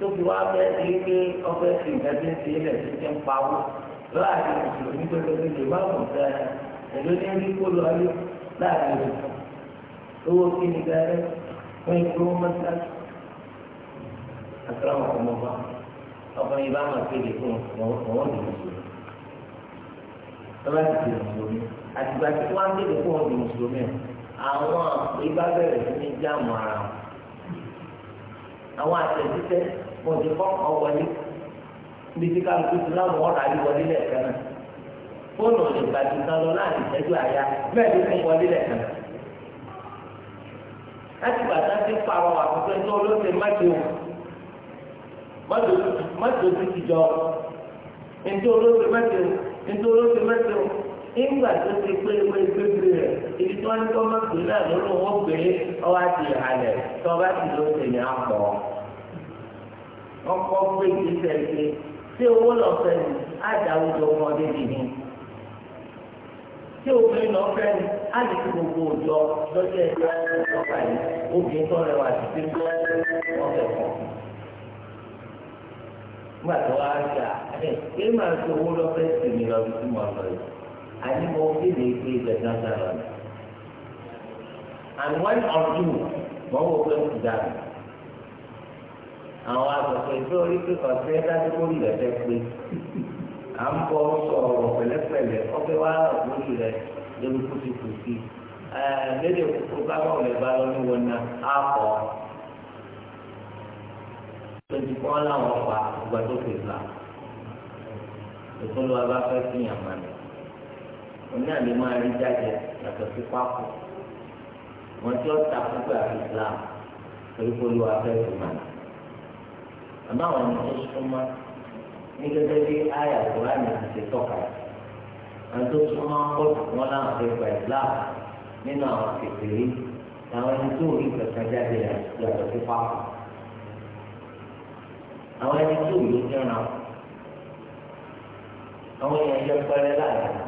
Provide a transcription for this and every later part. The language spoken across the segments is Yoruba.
tóbi wá fẹ́ ṣe pé ọfẹ́ fi ìdájọ́ ṣe ilẹ̀ tó ti ń pawó láàrin mùsùlùmí tó lọ sí ìjọba àwọn ọ̀sẹ̀ ẹ̀ló ní rí kó lọ rí láàrin òṣùpá owó kí ni gẹ́rẹ́ fún ikú mọ́tà àtàwọn ọmọọba ọkùnrin yìí bá máa kéde fún ọwọ́ ní mùsùlùmí lọ́ba ti di mùsùlùmí àtìgbà tí wọ́n á kéde fún ọwọ́ ní mùsùlùmí àwọn ìbá bẹ̀rẹ̀ sí ní jáàmù ara wọn àwọn àtẹ̀jíṣẹ́ mo ti kọ́ ọ wọlé bí ti kálukú ti láwọn ọ̀rọ̀ ayé wọlé lẹ́ẹ̀kan náà fóònù ò lè kan lọ láàrin ìtẹ́jú àyà bẹ́ẹ̀ ló fún wọlé lẹ́ẹ̀kan náà. láti gbàdá ti pààrọ̀ àkókò ẹjọ́ olóṣèlú májò májò ti jọ ẹjọ́ olóṣèlú májò ẹjọ́ olóṣèlú májò. nígbà tó ti pé ewé gbégbé rẹ̀ ibi tí wọ́n ní kọ́ náà lọ́nà wọ́n pè é ọwọ́ àti ìhàlẹ̀ tó ọba ti lọ sí ní àpọ̀. ọkọ̀ gbé ìgbésẹ̀ ṣe tí owó lọ ni àdáwùjọ ọmọdé bì ní. tí obìnrin lọ ni á gbogbo òjọ lọ́jọ́ ẹgbẹ́ ọ̀pá yìí obìnrin tó rẹwà ọ̀fẹ́ nígbà tó wá ń and only they pay the Nazareth. And one or two, wọ́n wò pé kò dàbí. Àwọn àgbàpọ̀ ìfẹ́ orí kíkọ̀ sí ẹ dájú kó lè fẹ́ pé. À ń bọ̀ sọ̀rọ̀ pẹ̀lẹ́pẹ̀lẹ́ ọbẹ̀ wá àgbóyè rẹ̀ lórí kùsìkùsì. Lédè kúkú bábà ò lè bá lọ ní wọn náà á kọ́. Lójú kí láwọn pa ìgbà tó fi gbà. Ìfúnlọ́wọ́ bá fẹ́ fi yàn mọ́ni wọn náà lè máa rí jáde yàtọ̀ sí pákó wọn tí wọn ta púpọ̀ àti Islam torí kó ló afẹ́fẹ́ mà ní. àmọ́ àwọn ẹni tó súnmọ́ ní gẹ́gẹ́ bí àyà Kùránì ti ṣe tọ́ka àwọn tó súnmọ́ pọ̀ wọn láwọn fẹ́ gba Islam nínú àwọn kékeré làwọn ẹni tó rí kankan jáde yàtọ̀ sí pákó àwọn ẹni tó rí ó jẹ́ràn àwọn èèyàn yẹ pẹ́rẹ́ láàrin.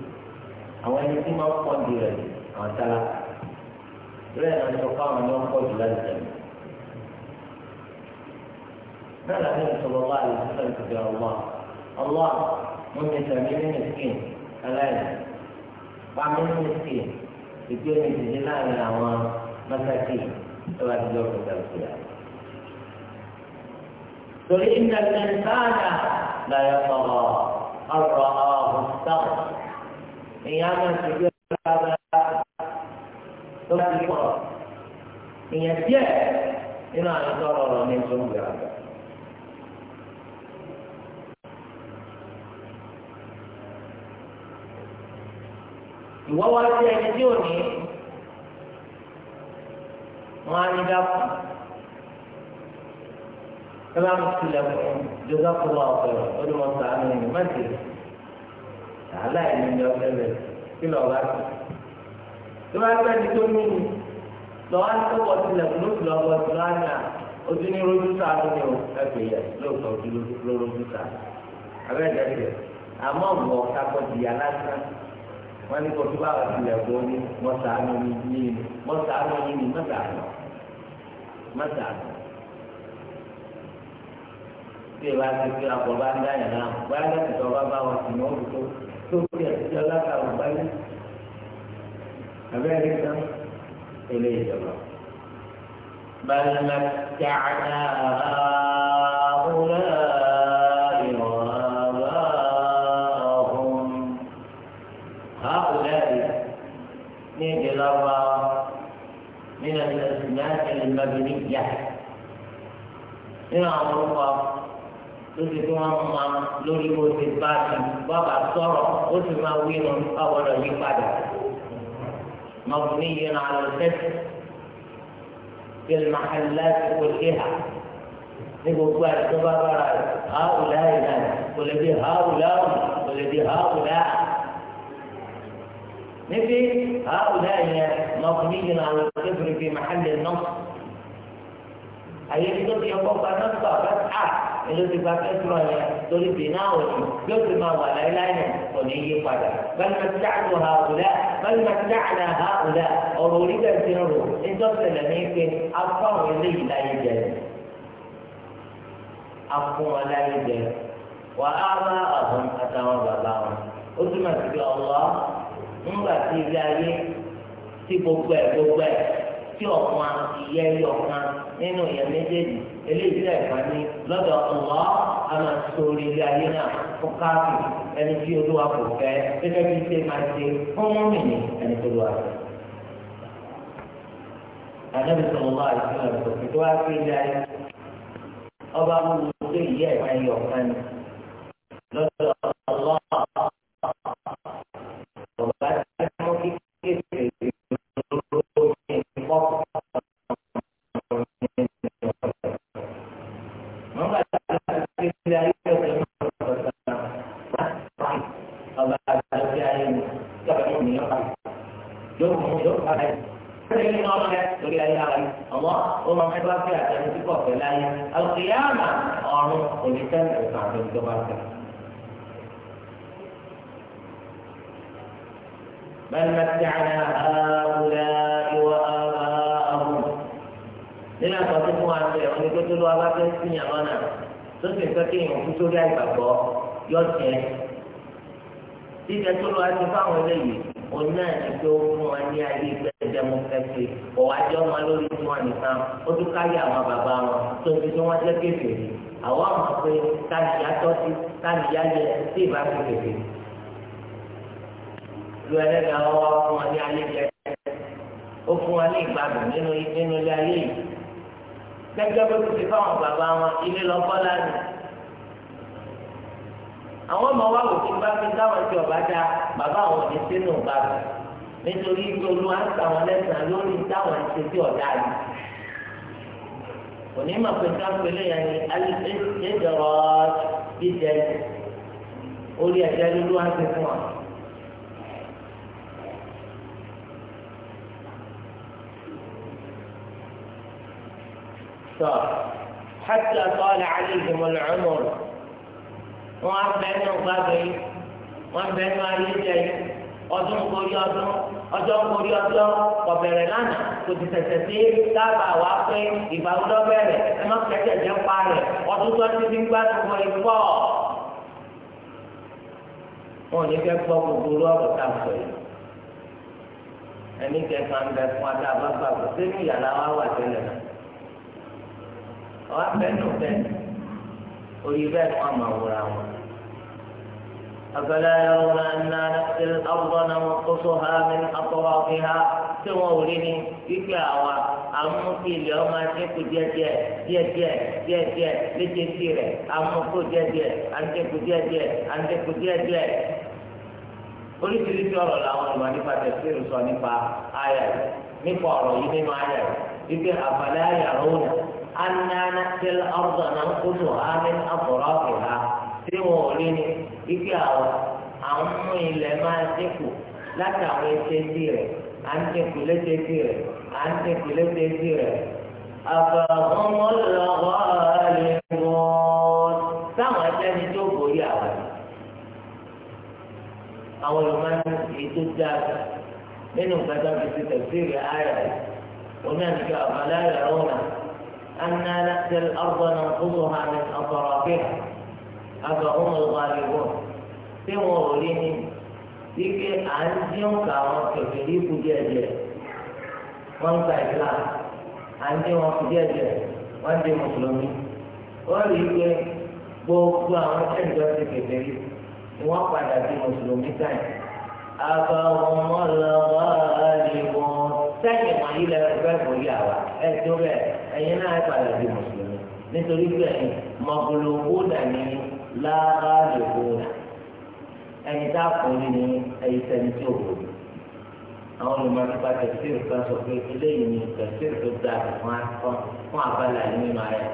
àwọn ẹni tí máa ń pọ̀ jù rẹ̀ àwọn tala bẹ́ẹ̀ náà sọ fún àwọn ẹni wọ́n pọ̀ jù láti tẹ̀lé. náà láti ní sọ̀rọ̀ wá àlè sísè ìtòkè ọ̀wọ́ ọ̀wọ́ mo ní sàmì ní mìsíkìn aláìní pàmì ní mìsíkìn ìgbé mi ti di láàrin àwọn mọ́sáàkì tó bá ti lọ torí ìdàgbẹ́sáàdà làyàtọ̀ ọ̀rọ̀ ọ̀hún sáà èèyàn á máa ṣe bí ọ̀rọ̀ ara tó bá ti pọ̀ èèyàn díẹ̀ nínú àwọn tó rọrọ̀ ní tó ń gbà. ìwọ́ wá sí ẹni tí ò ní wọn á ní dákun ẹ bá mi tilẹ̀ fún un jọ́sọ́kùnrin ọdún mọ́ta ní mẹ́tìrì aláìní ni ọbẹ̀ rẹ̀ kí lọ́ọ́ bá tó. tí wọ́n á fẹ́ di tó ní lọ́wọ́ á tó wọ́n tilẹ̀ fún lóṣù lọ́wọ́ tó lọ́wọ́ àná ojú ní rojú sáà ní o ẹgbẹ́ yẹ lóòótọ́ ojú ló rojú sáà abẹ́ẹ̀dẹ́gbẹ́ àmọ́ ọ̀gbọ́ kakọ́ di aláṣà wọ́n ní kó tó bá wà tilẹ̀ kó ní mọ́sàánù ní ní mọ́sàánù ní ní mọ́sàánù mọ́sàánù. tí ìbá ti fi bá ń dáyà náà bóyá sókè àti ọlọ́kà ọ̀gbáyé abẹ́rẹ́ kan بل متعنا هؤلاء وآباءهم هؤلاء نيجي الله من الأسماء المبنية من عمر lórí tí wọ́n máa lórí bó ti bá ti bábà sọ̀rọ̀ ó sì máa wí wọn ọ̀gbọ́dọ̀ yí padà. مبني على الفتح في المحلات كلها نقول الشباب هؤلاء ناس والذي هؤلاء والذي هؤلاء نبي هؤلاء مبني على الكفر في محل النصب àyè ní tó ti ọkọ̀ gba nọ́mbà bá a èló ti gba pẹ́trọ̀ yẹn torí dènà òní yóò ti máa wà láéláé náà òní yí padà bẹ́ẹ̀ ni táàtò ha òdà bẹ́ẹ̀ ni táàtà ha òdà ọ̀rọ̀ onígbà ti ń rò nítòsílẹ̀ ní pé afọ àwọn eléyìí láyé jẹ afọ wọn láyé jẹ wà á bá àwọn àtàwọn bàbá wọn ó túmọ̀ sí pé ọlọ́ ńgbà tí ilé ayé tí gbogbo ẹ̀ gbogbo ẹ̀ tí ọ̀kan nínú èèyàn méjèèjì eléyìí ẹ̀fà ní lọ́dọ̀ ọ̀lá àmà sórí ilé ayé náà fún káàpì ẹni tí olúwa kò fẹ́ gẹ́gẹ́ bí ṣe máa ṣe fún mọ́mìnì ẹni tó lọ́wọ́ rẹ̀. àdébí sọ̀rọ̀ máa ṣe ọ̀rọ̀ tó tó wá sí ilé ayé ọba mú mi pé ìyá ẹ̀fà yìí ọ̀kan ni. sọ sí fún wa ń bẹ òun tó tó lọ wá fẹ́ sí yàn lọ́nà tó sì fẹ́ kí èèyàn kú sórí àgbàgbọ́ yọ jẹ́ títẹ tó lọ wá sí fáwọn eléyìí òun náà ní pé ó fún wa ní ayé ìgbẹ́jẹ́ mú kẹ́sì ọ̀wá jẹ́ ọmọ lórí tí wọ́n nìkan ó tún káyé àwọn bàbá wọn tó fi tí wọ́n jẹ́ kéfèé àwọn àmọ̀ pé táyìyá tọ́sí táyìyá yẹ sí ìbáṣe ó fún wa ní ìgbàgbọ́ nínú ilé ayé yìí gẹ́gẹ́ bó ti fi fáwọn bàbá wọn ilé lọ bọ́ lánàá. àwọn ọmọ wa kò ti bá fi táwọn ti ọ̀bá dá bàbá àwọn òbí sínú bàbá nítorí ìjọlú à ń ta wọn lẹ́sàn-án lórí táwọn ti ti ọ̀dà yìí. onímọ̀ pé káńpẹ́lẹ́ yẹn ni alẹ́ ẹ̀dọ̀rọ̀ ìjẹ́ orí ẹ̀jẹ̀ lulú á fún wa. والاقتصاد حتى طال عليهم العمر وعن بأنه قابل وعن بأنه عليجي ọdún kórí ọdún ọjọ́ kórí ọjọ́ ọ̀bẹ̀rẹ̀ lánàá kò ti tẹ̀sẹ̀ sí dábàá wá pé ìbáwúlọ́ bẹ̀rẹ̀ ẹ má kẹ́kẹ́ jẹ́ pa rẹ̀ ọdún tó ti fi ń gbá tuntun rẹ̀ pọ̀. wọn ò ní fẹ́ gbọ́ gbogbo ọ̀rọ̀ tá a sọ yìí ẹni kẹfà ń bẹ fún adábàgbà kò sí ní ìyàrá wa wà tẹ́lẹ̀ náà ọ̀hún abẹ́nú bẹ́ẹ̀ orí bẹ́ẹ̀ kọ́ àmà wúra wọn. أفلا يرون أنا نأتي الأرض ننقصها من أطرافها tí wọn ò rí ni wípé àwa amúkú ilẹ̀ ọmọ akẹ́kọ̀ọ́ díẹ̀díẹ̀ díẹ̀díẹ̀ díẹ̀díẹ̀ létí rẹ̀ amúkú díẹ̀díẹ̀ àǹtẹ̀kù díẹ̀díẹ̀ àǹtẹ̀kù díẹ̀díẹ̀. oríṣiríṣi ọ̀rọ̀ làwọn ìwà nípa tẹ̀síìrì sọ nípa ayà rẹ̀ nípa ọ̀rọ̀ yìí nínú ayà rẹ̀ wípé àbálẹ́ ayà rẹ̀ ó nà أنا نأتي الأرض ننقلها من أطرافها tí wọn ò rí ni ike àwọn àwọn mú ilẹ̀ máa dínkù látàwọn ẹsẹ̀sì rẹ̀ à ń dínkù lẹ́sẹ̀sì rẹ̀ à ń dínkù lẹ́sẹ̀sì rẹ̀. àfàwọn ọlọ́wọ́ àlè wọn táwọn ẹsẹ̀ni tó borí àwọn. àwọn olùmọ̀ọ́nì ètò dáadáa nínú gbàgbọ́ ti tẹ̀sí rẹ̀ ayà oní àdìgbà àbáláyà rẹ̀ wọn náà. أنا نأتي الأرض ننقصها من أطرافها أفهم الغالبون tí wọn ò rí ni wípé à ń dín ka àwọn kẹfìrí kù díẹ̀ díẹ̀ wọn gba ìlà à ń dín wọn kù díẹ̀ díẹ̀ wọn dín mùsùlùmí wọn rí i pé gbogbo àwọn ẹnìjọ ti kẹfìrí ni wọn padà di mùsùlùmí táyì àbàwọn ọlọ́wọ́ àlè wọn sẹ́yìn wọ̀nyí lẹ fẹ́ bòyí àwa ẹ tó bẹ́ẹ̀ ẹ̀yin náà ẹ padà di mùsùlùmí nítorí pé ẹ̀yin mọ̀gbọ́lọ́gbó dàní láàárọ̀ òun ẹni tá a fún yín ní ẹ̀yin sẹ́ni tí ò wò àwọn olùmọ̀tòkà tẹ̀síìrì kan sọ pé eléyìí ni tẹ̀síìrì tó dáa fún akọ́ fún abala yìí nínú ayé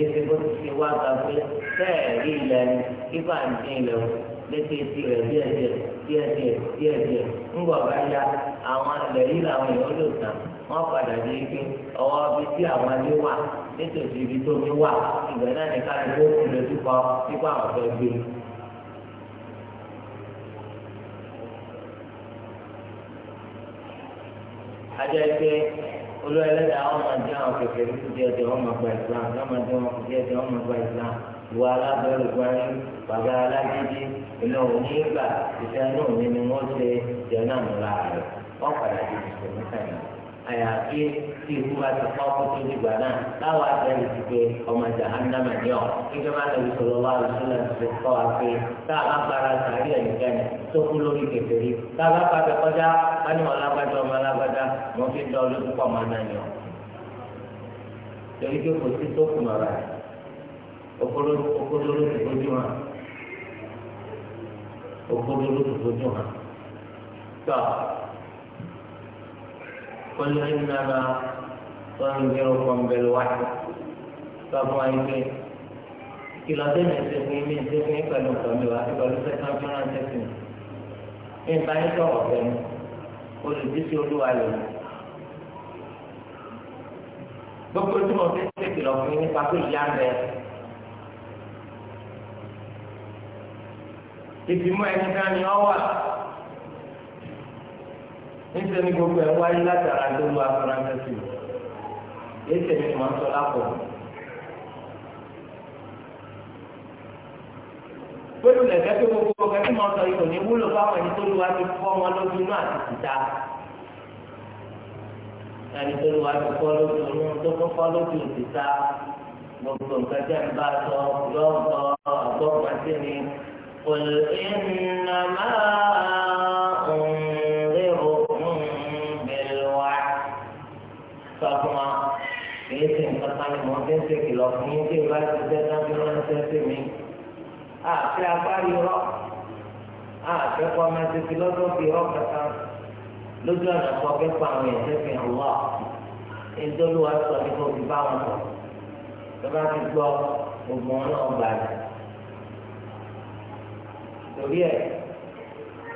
èsì bó ti ṣe wá gbàgbé sẹ́ẹ̀rí ilẹ̀ ní ibà ń ilẹ̀ wò. létí etí rẹ̀ díẹ̀ díẹ̀ díẹ̀ díẹ̀ díẹ̀ díẹ̀ ńgbọ̀ bá ya àwọn ilẹ̀ làwọn èèyàn lò tán wọ́n padà dé ike ọwọ́ ibi àwọn ibi tó mi wà ìgbẹ́ náà ní káàdì tó kù lójú kọ nípa àwọn fẹ́ gbé. ajá ike olú ẹlẹ́dàá wọn àwọn ní gba ìwà alábẹ́rù gbáyé bàbá alágídí iná òní gbà iṣẹ́ náà ní ni wọ́n ṣe jẹ náà mú láàárọ̀ wọ́n padà di mùsùlùmí kàyà. àyàfi tí ikú bá ti pọ́ kó tó dìgbà náà láwọn àtẹ̀lẹ́ ti pé ọmọ jahannama ní ọ̀ nígbà máa lè sọ̀rọ̀ wá lọ́sọ̀lá ti kọ́ wa pé tá a bá para sàárì ẹ̀nìkan tó kú lórí kékeré tá a bá pàtẹ kọjá wọn ni wọn lágbájá ọmọ lágbájá wọn fi dán olójú pọ̀ mọ́ náà ní ọ̀. torí pé kò sí tó kùn ọ̀rọ̀ rẹ̀ okodoro okodoro tó fojú hàn okodoro tó fojú hàn tó kọlu ìnana tó ń gbé ọkàn bẹ̀rẹ̀ wá tó fún wa ike kìlọ̀ tó yẹn ṣe fún mi ṣe fún ìpàdé ọkàn mi wá sí pẹ̀lú sẹ́kàn tó rán sẹ́kìn mi ìgbà yẹn tó ọ̀fẹ́ mi olùdíje olúwa lè mi gbogbo tí mo fi ń ṣèkìlọ̀ fún mi nípa pé ìyá rẹ̀. ìfimọ́ ẹni náà ni ọ wà níṣẹ́ ni gbogbo ẹ̀ wáyé látara tó lu afáránṣẹ́ sí i ẹsẹ̀ ni màá sọ lápò. pẹ̀lú lẹ̀kẹ́ tó gbogbo ọ̀gá tí màá sọ yìí kò ní wúlò fáwọn ẹni tó lu wá ti fọ́ wọn lójú náà àti síta ẹni tó lu wá ti fọ́ lójú ọ̀nà tó tó fọ́ lójú síta gbogbo nǹkan jẹ́ ń bá a sọ yọ̀ọ́ sọ ọgbọ́n ni. قل إنما أنذركم بالوعي فهما èsì nǹkan kan ni mo ti ń ṣe kìlọ̀ fún yín tí ìbá ti jẹ́ dájú ránṣẹ́ sí mi. àti agbárí rọ àkẹ́kọ̀ọ́ máa ti fi lọ́dọ̀ fi rọ ìjọba ti gbọ́ gbogbo náà gbà torí ẹ̀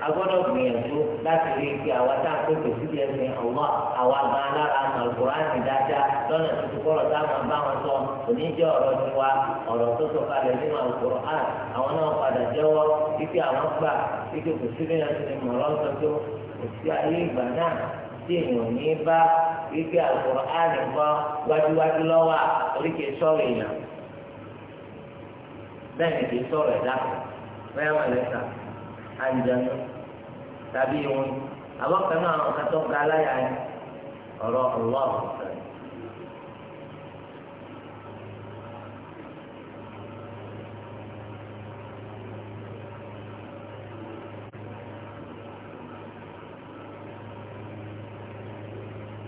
agbọ́dọ̀ gbìyànjú láti rí ike àwa tá a pèsè sí ẹ̀ ní ọ̀wọ́ àwa gan alára àmọ̀ ìkùránì dáadáa lọ́nà tuntun kọ́rọ̀ táwọn bá wọn sọ òní jẹ́ ọ̀rọ̀ tiwa ọ̀rọ̀ tó sọ kalẹ̀ nínú àwòkọ́rọ̀ hàn àwọn náà padà jẹ́wọ́ ike àwọn gbà ike kò sí bẹ́ẹ̀ ní mọ̀rọ́ sọ tó kò sí ayé ìgbà náà tí èèyàn ní bá ike àwòkọ́rọ̀ hàn wájúwájú lọ́wọ́ oríkèé sọ̀rọ̀ èèyàn bẹ́ẹ̀ ni kì í sọ̀rọ̀ kan bẹ́ẹ̀ mọ̀lẹ́ta àjẹnú tàbí ìwọ̀n àwọn náà àwọn ga aláya ni ọ̀rọ̀ ọ̀lọ́ ọ̀sẹ̀.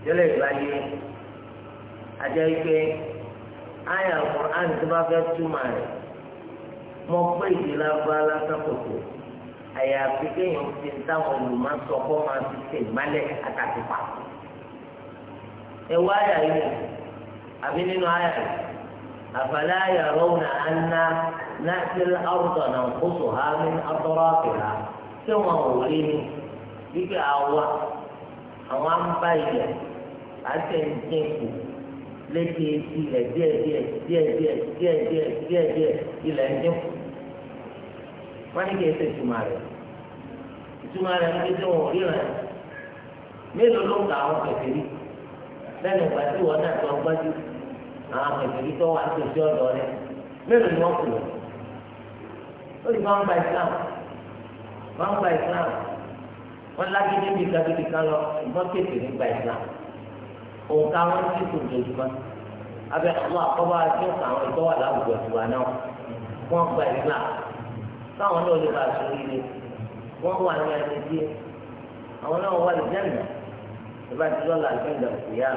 yọlẹ ìgbàlẹ ajẹ́ ike ayé àkùrán tó bá fẹ́ túmọ̀ rẹ̀. mọ pé ìlera bá alákàtọ̀tọ̀ àyàfi kéèyàn ti ń táwọn olùmọ̀sọ kọ́ máa ti tẹ̀ mọ́lẹ̀ àtàtìpà. ẹ wá àyà yìí àbí nínú àyà yìí àfàlẹ́ àyà rọ́ọ̀nà àná náà ti ọ̀rọ̀dọ̀ náà kó ha ní ọ̀tọ́rọ̀ àkìlá tí wọn ò rí ni wípé àwa àwọn á àti ẹ̀ lékè ilẹ̀ díẹ̀díẹ̀ díẹ̀díẹ̀ díẹ̀díẹ̀ díẹ̀díẹ̀ ilẹ̀ ń dínkù. wọ́n ní kí ẹ ṣe ìtumọ̀ rẹ̀ ìtumọ̀ rẹ̀ ní kí wọ́n ríran mélòó ló ń ka àwọn kẹfìrí lẹ́nu ìgbà tí wọ́n náà tó ń gbájú àwọn kẹfìrí tó wà tó sí ọ̀dọ̀ rẹ̀ mélòó ni wọ́n kù lọ. ó lè máa ń gba ìsìlámù máa ń gba ìsìlámù wọ́n lágídé bíi kábíkì ká lọ ṣùgbọ́n kẹfìrí gba ìsìlámù. òǹkà wọn ti kò dojúmọ́ abẹ́ àwọn àkọ́bá tí ó kà àwọn ìtọ́wà láwùjọ tiwa náà wọ́n gba ìlà káwọn náà lè bá aṣọ ilé wọ́n wà ní ẹni tí àwọn náà wà lè jẹ́nà ìbá ti lọ́la àjẹ́ǹdà òkú yá.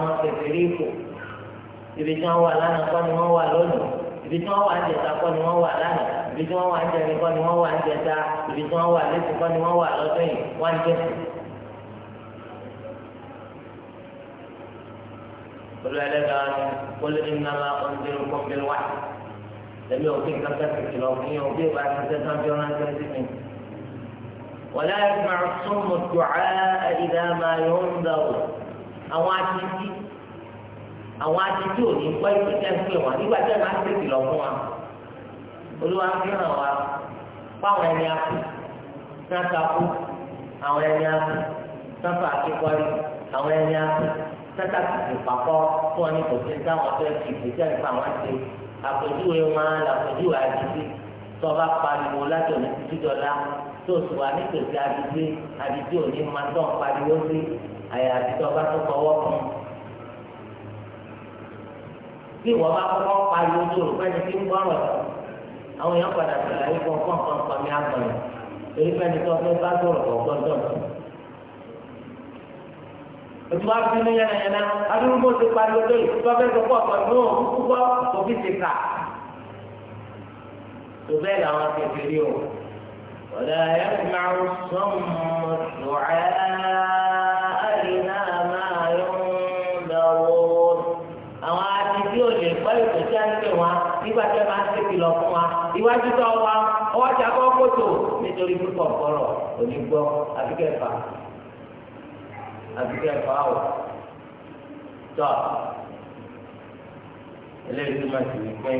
a ibi tí wọ́n wà lánàá kọ́ ni wọ́n wà lónìí ibi tí wọ́n wà ń jẹta kọ́ ni wọ́n wà lánàá ibi tí wọ́n wà ń jẹni kọ́ ni wọ́n wà ń jẹta ibi tí wọ́n wà lẹ́sìn kọ́ ni wọ́n wà lọ́dún yìí wọ́n ń jẹ́sìn. olú ẹlẹ́dàá ni kólé ní nàlá ọ̀nzẹ́rù kọ́mbẹ́lì wá lẹ́mi òfin kankan kìkì lọ fún yẹn òbí ìwà àtúnṣe tán bí ọ̀nà tẹ́lẹ̀ sí mi. wàlá ìgbà sọ́mù dùcá ìdá máa yọ̀ ń dà wọ̀ àwọn àti àwọn adití ò ní kọ́ ìpè tẹ́ ń pè wọ́n nígbà tẹ́ máa ń tètè lọ fún wa olúwa ń fihàn wa fáwọn ẹni akú sátakú àwọn ẹni akú sáfà akíkọ́rí àwọn ẹni akú sátakú ìpàkọ́ fún ọ ní kò sí táwọn fẹ́ fi ìgbésẹ̀ nípa wọn ṣe àpèjúwe wọn làpèjúwe adití tó pariwo láti òní títí dọ́là tó sì wà nítòsí adití adití òní máa tó ń pariwo sí àyà àti tó tó kọ́wọ́ fún un. tí ìwọ bá kọ́kọ́ pa yóò tó fẹ́ni tí ń gbọ́rọ̀ àwọn èèyàn padà sọ̀rọ̀ ayé kan kan ní agbọ̀nà èyí fẹ́ni tó fẹ́ bá sọ̀rọ̀ kọ̀ gbọ́dọ̀. fi ní ti pariwo tó fẹ́ sọ pọ̀ pọ̀ òbí o. Ọ̀dà ẹ̀ máa iwájú tó wa ọwọ́ ti akọ́ kótó nítorí púpọ̀ kọ́rọ̀ onígbọ́ àbíkẹ́fà àbíkẹ́fà ọ̀ tọ́ eléyìí tó máa ti wí pé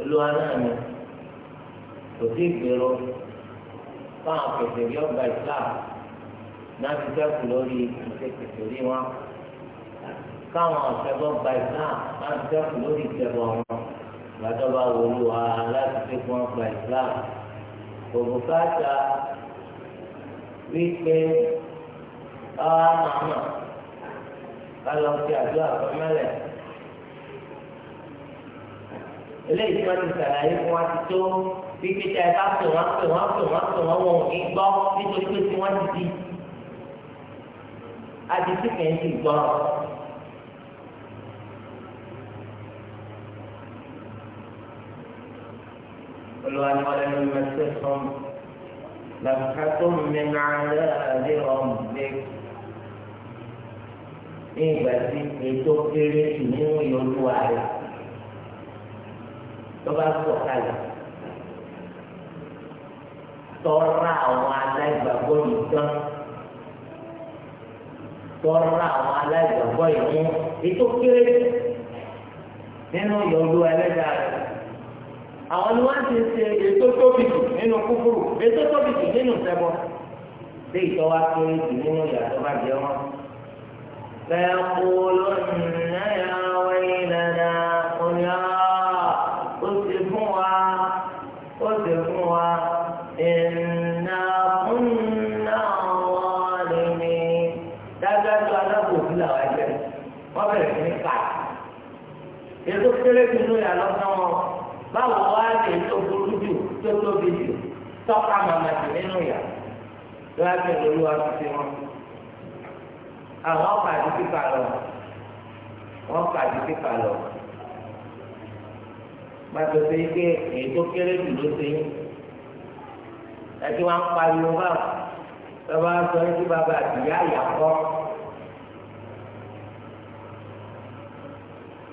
olúwa náà ni kò sí ìgbèrò fáwọn kẹsìrì ọgbà islam náà ti dẹ́kun lórí ìṣe kẹsìrì wọn káwọn ọ̀sẹ̀ bọ́ gba islam náà ti dẹ́kun lórí ìṣẹ̀bọ̀ wọn gbàtọ́ bá wọlé wa láti fi kún ọgbà islam òbúkátà wípé báwa màmá kálọ̀ fi àdúrà fọmọlẹ̀ eléyìí tí wọ́n ti sàlàyé fún wa ti tó wípé tí a bá pè wọ́n pè wọ́n pè wọ́n pè wọ́n wọn ní gbọ́ nítorí pé tí wọ́n ti di adití kẹ́hìn ti gbọ́. أصلا ولم يمسسهم نفحة من عذاب ربك nígbà tí ètò kéré jù nínú ìyọlúwa rẹ tó bá sọ kalẹ̀ tọ́ra àwọn aláìgbàgbọ́ yìí tán tọ́ra àwọn aláìgbàgbọ́ yìí mú ètò kéré nínú ìyọlúwa ẹlẹ́dàá rẹ àwọn ni wọ́n ti ṣe ètò tóbi jù nínú kúkúrú ètò tóbi jù nínú sẹ́bọ̀ bí ìtọ́wá kéré jù nínú ìyàtọ̀ bá jẹ wọn. فيقولن يا ويلنا قل يا أسفوا أسفوا إنا كنا ظالمين dájú àlọ́ kò sí làwọn ẹgbẹ́ wọ́n bẹ̀rẹ̀ sí ká ètò kéré jù nínú ìyàtọ̀ náà báwo wá lè tó burú jù tó tóbi jù tọ́ka màmá jù nínú yà láti lórí wa ti wọn. àwọn pàdé pípa lọ wọn pàdé pípa lọ gbàtò sí pé èyí tó kéré jù ló ṣe yín ẹtí wọn ń pariwo báwọn bàbá sọ yín sí bàbá àtìyá ìyàkọ́.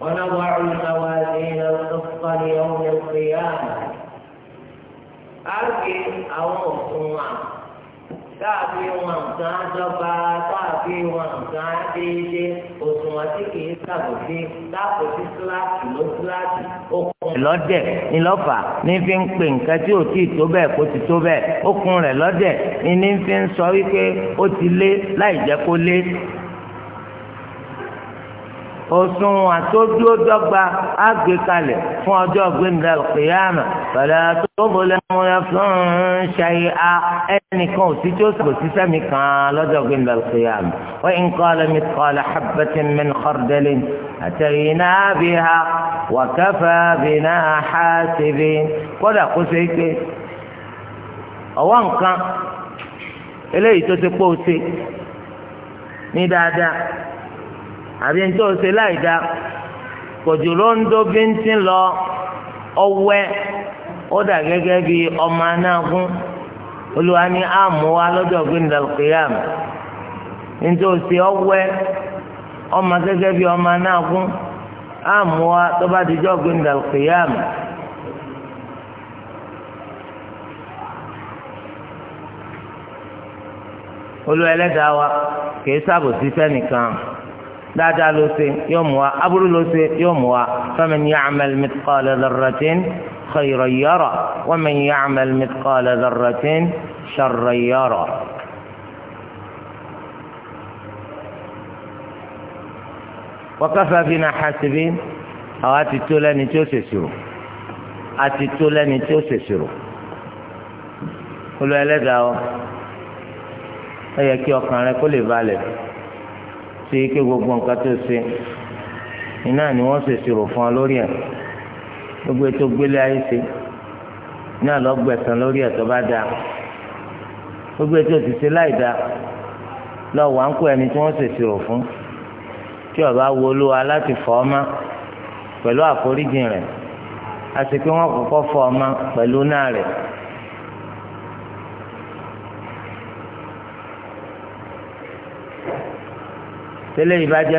ونضع الموازين القسط ليوم القيامة أركي أو أصنع tàbí wọn kan dọ́gba tàbí wọn kan déédé òṣùwọ̀n tí kì í sàbòdì láàbòdì síláàtì ló síláàtì okùn. lọ́dẹ̀ ni lọ́fà ní fi ń pè nǹkan tí ò tí tó bẹ́ẹ̀ kó ti tó bẹ́ẹ̀ okùn rẹ̀ lọ́dẹ̀ ni ní fi ń sọ wípé ó ti lé láì jẹ́ kó lé òsùn àtọ́jú dọ́gba àgbé kalẹ̀ fún ọjọ́ gbẹ̀ndà kìyàmà pẹ̀lú àtọ́bọ̀ lẹ́wọ̀n ya fún ṣayé a ẹnìkan òsì tí ó sọ̀rọ̀ sísẹ́ mi kan lọ́jọ́ gbẹ̀ndà kìyàmà wọ́n ń kọ́ ọ́lẹ́ mi kọ́ ọ́lẹ́ xabẹ́tì mẹ́ni xọ́rdẹ́lẹ́ni àtẹ̀yìnà bìhà wàkàfà bìnà àhásìbì kódà kó ṣe é pé nǹkan eléyìí tó ti pọ̀ ṣe ní dáadáa. àbí ẹni tó o ṣe láì dá kòjò ló ń bíntín lọ ọwẹ́ ó dà bí ọmọ anágún olùwà ni àmú wa lọ́jọ́ gbẹ̀ndà kéyàm ní tó o ṣe ọmọ bí ọmọ anágún àmú wa tó bá dijọ́ gbẹ̀ndà olùwà wa kì í sábò dáadáa ló ṣe yóò mú wa aburú ló ṣe yóò mú wa faman ya'mal mithqala dharratin khayran yara wa man ya'mal mithqala dharratin sharran yara. wa kafa bina hasibin àwa ti tó lẹ́ni tí ó ṣèṣirò àti tó lẹ́ni tí ó ṣèṣirò olú ẹlẹ́dàá ọ ẹ yẹ kí ọkàn rẹ kó lè balẹ̀ ṣe ike gbogbo nǹkan tó ṣe iná ni wọ́n ṣe ṣòro fún ọ lórí ẹ̀ gbogbo ètò gbélé ayé ṣe iná lọ gbẹ̀sán lórí ẹ̀ tó bá dáa gbogbo ètò ti ṣe láì dáa lọ wà ń kó ẹni tí wọ́n ṣe ṣòro fún tí ọba wo olúwa láti fọ́ ọ má pẹ̀lú àforíjìn rẹ̀ àti pé wọ́n kọ́kọ́ fọ́ ọ má pẹ̀lú náà rẹ̀. tẹ́lẹ̀ ìbàjẹ́